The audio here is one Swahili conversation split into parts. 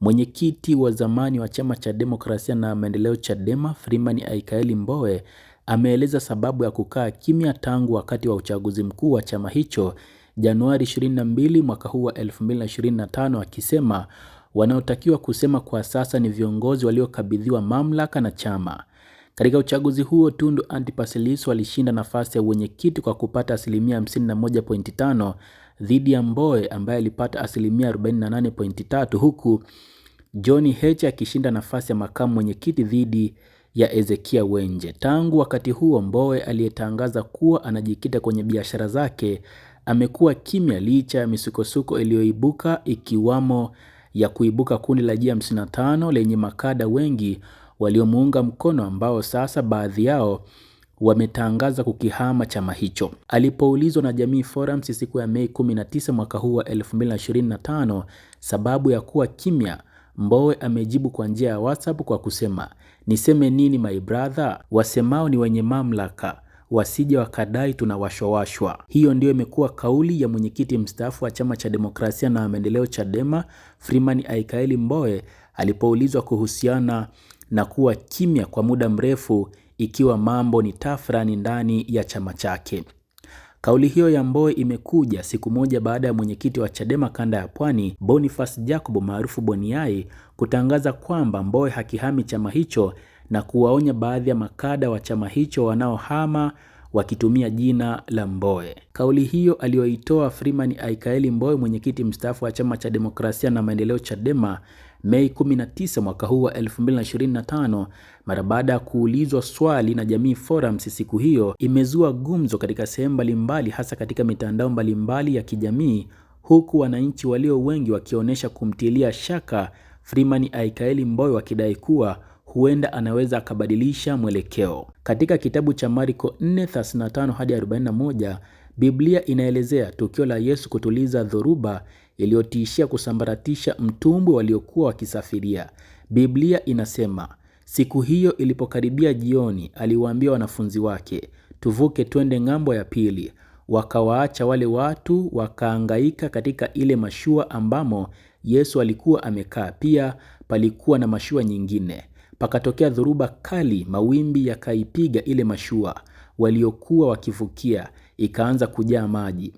Mwenyekiti wa zamani wa chama cha demokrasia na maendeleo Chadema, Freeman Aikaeli Mbowe ameeleza sababu ya kukaa kimya tangu wakati wa uchaguzi mkuu wa chama hicho Januari 22 mwaka huu wa 2025, akisema wanaotakiwa kusema kwa sasa ni viongozi waliokabidhiwa mamlaka na chama. Katika uchaguzi huo, Tundu Antipas Lissu alishinda nafasi ya wenyekiti kwa kupata asilimia 51.5 dhidi ya Mboe ambaye alipata asilimia 48.3 huku John Heche akishinda nafasi ya makamu mwenyekiti dhidi ya Ezekia Wenje. Tangu wakati huo, mboe aliyetangaza kuwa anajikita kwenye biashara zake amekuwa kimya licha ya misukosuko iliyoibuka ikiwamo ya kuibuka kundi la G55 lenye makada wengi waliomuunga mkono ambao sasa baadhi yao wametangaza kukihama chama hicho. Alipoulizwa na Jamii Forums siku ya Mei 19 mwaka huu wa 2025 sababu ya kuwa kimya, Mbowe amejibu kwa njia ya WhatsApp kwa kusema, niseme nini my brother, wasemao ni wenye mamlaka wasije wakadai tunawashowashwa. Hiyo ndiyo imekuwa kauli ya mwenyekiti mstaafu wa chama cha demokrasia na maendeleo Chadema, Freeman Aikaeli Mbowe alipoulizwa kuhusiana na kuwa kimya kwa muda mrefu ikiwa mambo ni tafrani ndani ya chama chake. Kauli hiyo ya Mbowe imekuja siku moja baada ya mwenyekiti wa Chadema kanda ya Pwani, Boniface Jacob maarufu Boniai, kutangaza kwamba Mbowe hakihami chama hicho na kuwaonya baadhi ya makada wa chama hicho wanaohama wakitumia jina la Mbowe. Kauli hiyo aliyoitoa Freeman Aikaeli Mbowe, mwenyekiti mstaafu wa chama cha demokrasia na maendeleo Chadema, Mei 19 mwaka huu wa 2025 mara baada ya kuulizwa swali na Jamii Forums siku hiyo, imezua gumzo katika sehemu mbalimbali, hasa katika mitandao mbalimbali ya kijamii, huku wananchi walio wengi wakionyesha kumtilia shaka Freeman Aikaeli Mbowe wakidai kuwa huenda anaweza akabadilisha mwelekeo. Katika kitabu cha Marko 4:35 hadi 41, Biblia inaelezea tukio la Yesu kutuliza dhoruba iliyotishia kusambaratisha mtumbwi waliokuwa wakisafiria. Biblia inasema, siku hiyo ilipokaribia jioni, aliwaambia wanafunzi wake, tuvuke twende ng'ambo ya pili. Wakawaacha wale watu wakaangaika katika ile mashua ambamo Yesu alikuwa amekaa. Pia palikuwa na mashua nyingine. Pakatokea dhoruba kali, mawimbi yakaipiga ile mashua waliokuwa wakivukia, ikaanza kujaa maji.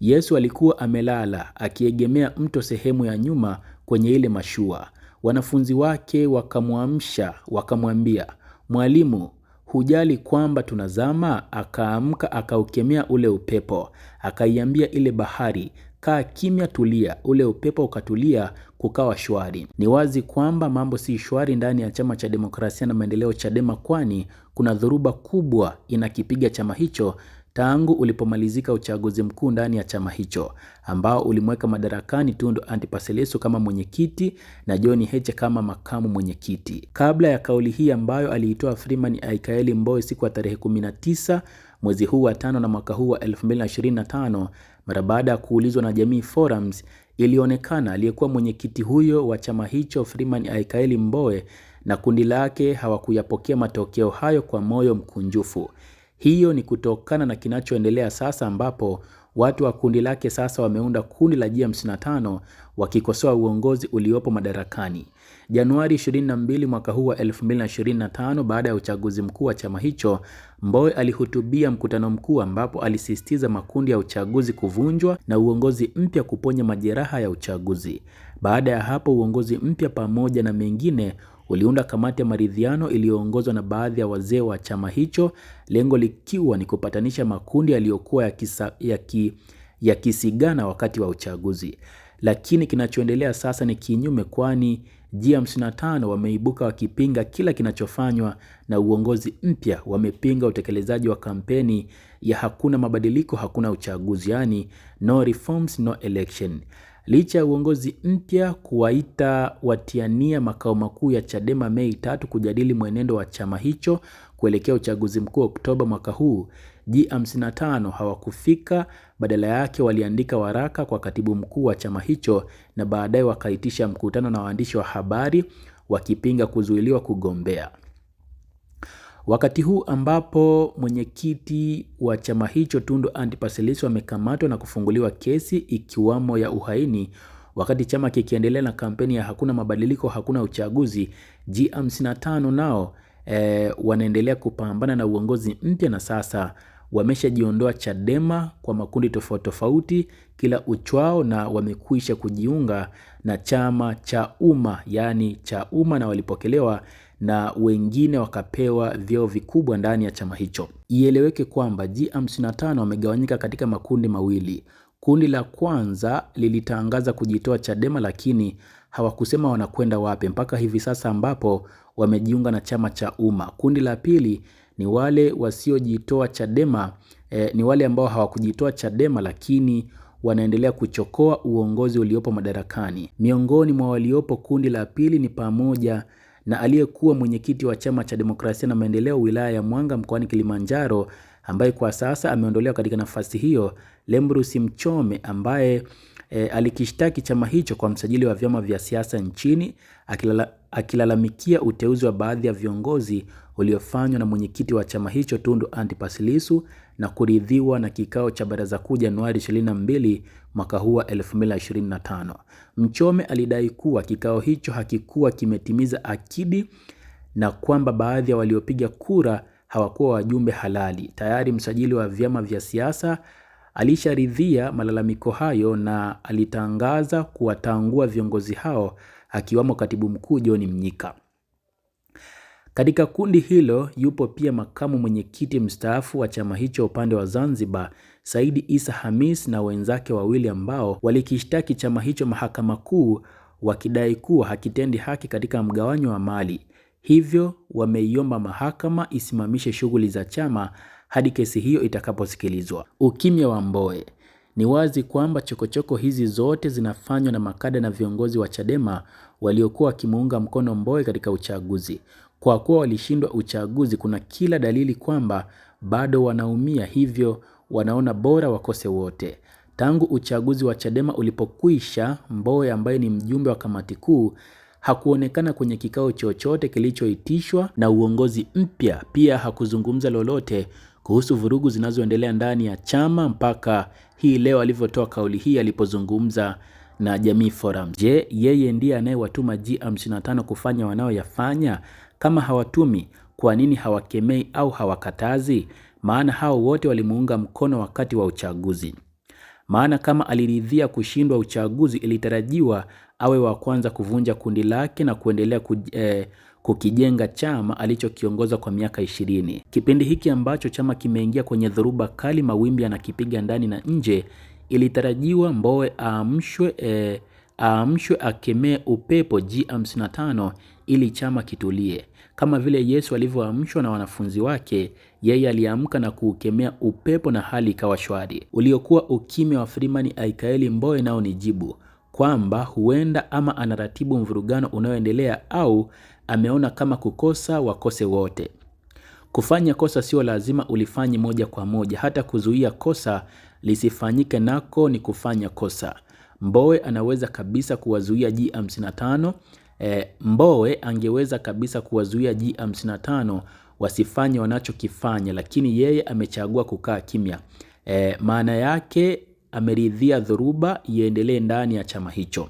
Yesu alikuwa amelala akiegemea mto sehemu ya nyuma kwenye ile mashua. Wanafunzi wake wakamwamsha, wakamwambia, Mwalimu, hujali kwamba tunazama? Akaamka, akaukemea ule upepo, akaiambia ile bahari, kaa kimya, tulia. Ule upepo ukatulia, kukawa shwari. Ni wazi kwamba mambo si shwari ndani ya chama cha demokrasia na maendeleo, Chadema, kwani kuna dhoruba kubwa inakipiga chama hicho tangu ulipomalizika uchaguzi mkuu ndani ya chama hicho ambao ulimweka madarakani Tundu Antipasilisu kama mwenyekiti na John Heche kama makamu mwenyekiti. Kabla ya kauli hii ambayo aliitoa Freeman Aikaeli Mbowe siku ya tarehe 19 mwezi huu wa tano na mwaka huu wa 2025 mara baada ya kuulizwa na Jamii Forums, ilionekana aliyekuwa mwenyekiti huyo wa chama hicho Freeman Aikaeli Mbowe na kundi lake hawakuyapokea matokeo hayo kwa moyo mkunjufu. Hiyo ni kutokana na kinachoendelea sasa ambapo watu wa kundi lake sasa wameunda kundi la G55 wakikosoa uongozi uliopo madarakani. Januari 22 mwaka huu wa 2025, baada ya uchaguzi mkuu wa chama hicho, Mbowe alihutubia mkutano mkuu ambapo alisisitiza makundi ya uchaguzi kuvunjwa na uongozi mpya kuponya majeraha ya uchaguzi. Baada ya hapo, uongozi mpya pamoja na mengine waliunda kamati ya maridhiano iliyoongozwa na baadhi ya wazee wa chama hicho, lengo likiwa ni kupatanisha makundi yaliyokuwa yakisigana ki, ya wakati wa uchaguzi. Lakini kinachoendelea sasa ni kinyume, kwani G55 wameibuka wakipinga kila kinachofanywa na uongozi mpya. Wamepinga utekelezaji wa kampeni ya hakuna mabadiliko hakuna uchaguzi, yaani no reforms no election. Licha ya uongozi mpya kuwaita watiania makao makuu ya Chadema Mei tatu kujadili mwenendo wa chama hicho kuelekea uchaguzi mkuu Oktoba mwaka huu, G55 hawakufika. Badala yake waliandika waraka kwa katibu mkuu wa chama hicho na baadaye wakaitisha mkutano na waandishi wa habari wakipinga kuzuiliwa kugombea. Wakati huu ambapo mwenyekiti wa chama hicho Tundu Antipas Lissu amekamatwa na kufunguliwa kesi ikiwamo ya uhaini, wakati chama kikiendelea na kampeni ya hakuna mabadiliko hakuna uchaguzi, G55 nao e, wanaendelea kupambana na uongozi mpya, na sasa wameshajiondoa Chadema kwa makundi tofauti tofauti kila uchwao, na wamekwisha kujiunga na chama cha umma, yaani cha umma, na walipokelewa na wengine wakapewa vyeo vikubwa ndani ya chama hicho. Ieleweke kwamba G55 wamegawanyika katika makundi mawili. Kundi la kwanza lilitangaza kujitoa Chadema, lakini hawakusema wanakwenda wapi mpaka hivi sasa ambapo wamejiunga na chama cha Umma. Kundi la pili ni wale wasiojitoa Chadema eh, ni wale ambao hawakujitoa Chadema lakini wanaendelea kuchokoa uongozi uliopo madarakani. Miongoni mwa waliopo kundi la pili ni pamoja na aliyekuwa mwenyekiti wa chama cha demokrasia na maendeleo wilaya ya Mwanga mkoani Kilimanjaro ambaye kwa sasa ameondolewa katika nafasi hiyo, lembrusi Mchome ambaye e, alikishtaki chama hicho kwa msajili wa vyama vya siasa nchini akilala, akilalamikia uteuzi wa baadhi ya viongozi uliofanywa na mwenyekiti wa chama hicho Tundu Antipas Lissu na kuridhiwa na kikao cha Baraza Kuu Januari 22 mwaka huu wa 2025. Mchome alidai kuwa kikao hicho hakikuwa kimetimiza akidi na kwamba baadhi ya waliopiga kura hawakuwa wajumbe halali. Tayari msajili wa vyama vya siasa alisharidhia malalamiko hayo na alitangaza kuwatangua viongozi hao akiwamo Katibu Mkuu John Mnyika. Katika kundi hilo yupo pia makamu mwenyekiti mstaafu wa chama hicho upande wa Zanzibar, Saidi Isa Hamis na wenzake wawili ambao walikishtaki chama hicho Mahakama Kuu wakidai kuwa hakitendi haki katika mgawanyo wa mali. Hivyo wameiomba mahakama isimamishe shughuli za chama hadi kesi hiyo itakaposikilizwa. Ukimya wa Mbowe. Ni wazi kwamba chokochoko hizi zote zinafanywa na makada na viongozi wa Chadema waliokuwa wakimuunga mkono Mbowe katika uchaguzi. Kwa kuwa walishindwa uchaguzi, kuna kila dalili kwamba bado wanaumia, hivyo wanaona bora wakose wote. Tangu uchaguzi wa Chadema ulipokwisha, Mbowe ambaye ni mjumbe wa kamati kuu hakuonekana kwenye kikao chochote kilichoitishwa na uongozi mpya. Pia hakuzungumza lolote kuhusu vurugu zinazoendelea ndani ya chama mpaka hii leo alivyotoa kauli hii alipozungumza na Jamii Forum. Je, yeye ndiye anayewatuma G55 kufanya wanaoyafanya? Kama hawatumi, kwa nini hawakemei au hawakatazi? Maana hao wote walimuunga mkono wakati wa uchaguzi. Maana kama aliridhia kushindwa uchaguzi, ilitarajiwa awe wa kwanza kuvunja kundi lake na kuendelea ku, eh, kukijenga chama alichokiongoza kwa miaka ishirini. Kipindi hiki ambacho chama kimeingia kwenye dhoruba kali, mawimbi yanakipiga ndani na nje, ilitarajiwa Mbowe aamshwe, eh, aamshwe akemee upepo G55 ili chama kitulie. Kama vile Yesu alivyoamshwa na wanafunzi wake, yeye aliamka na kuukemea upepo na hali ikawa shwari. Uliokuwa ukimya wa Freeman Aikaeli Mbowe nao ni jibu kwamba huenda ama anaratibu mvurugano unaoendelea au ameona kama kukosa wakose wote. Kufanya kosa sio lazima ulifanye moja kwa moja, hata kuzuia kosa lisifanyike nako ni kufanya kosa. Mbowe anaweza kabisa kuwazuia G55 e, Mbowe angeweza kabisa kuwazuia G55 wasifanye wanachokifanya, lakini yeye amechagua kukaa kimya. E, maana yake ameridhia dhoruba iendelee ndani ya chama hicho.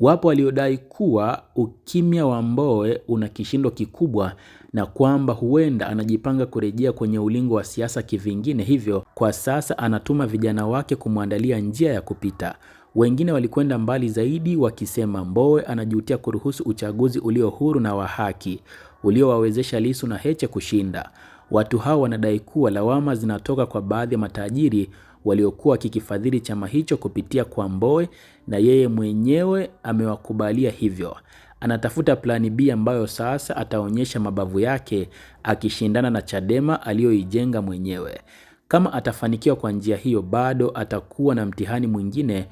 Wapo waliodai kuwa ukimya wa Mbowe una kishindo kikubwa na kwamba huenda anajipanga kurejea kwenye ulingo wa siasa kivingine, hivyo kwa sasa anatuma vijana wake kumwandalia njia ya kupita. Wengine walikwenda mbali zaidi wakisema Mbowe anajutia kuruhusu uchaguzi ulio huru na wa haki uliowawezesha lisu na Heche kushinda. Watu hao wanadai kuwa lawama zinatoka kwa baadhi ya matajiri waliokuwa wakikifadhili chama hicho kupitia kwa Mbowe na yeye mwenyewe amewakubalia hivyo. Anatafuta plani B ambayo sasa ataonyesha mabavu yake akishindana na Chadema aliyoijenga mwenyewe. Kama atafanikiwa kwa njia hiyo, bado atakuwa na mtihani mwingine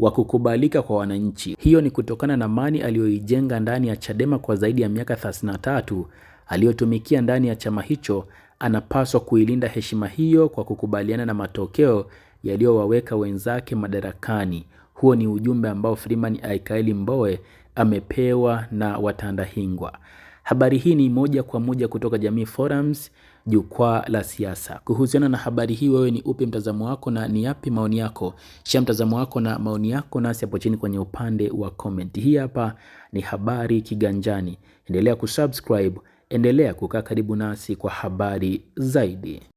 wa kukubalika kwa wananchi. Hiyo ni kutokana na mani aliyoijenga ndani ya Chadema kwa zaidi ya miaka 33 aliyotumikia ndani ya chama hicho. Anapaswa kuilinda heshima hiyo kwa kukubaliana na matokeo yaliyowaweka wenzake madarakani. Huo ni ujumbe ambao Freeman Aikaeli Mbowe amepewa na watandahingwa. Habari hii ni moja kwa moja kutoka Jamii Forums, jukwaa la siasa. Kuhusiana na habari hii, wewe ni upi mtazamo wako na ni yapi maoni yako? Shia mtazamo wako na maoni yako nasi hapo chini kwenye upande wa comment. Hii hapa ni habari Kiganjani. Endelea kusubscribe, endelea kukaa karibu nasi kwa habari zaidi.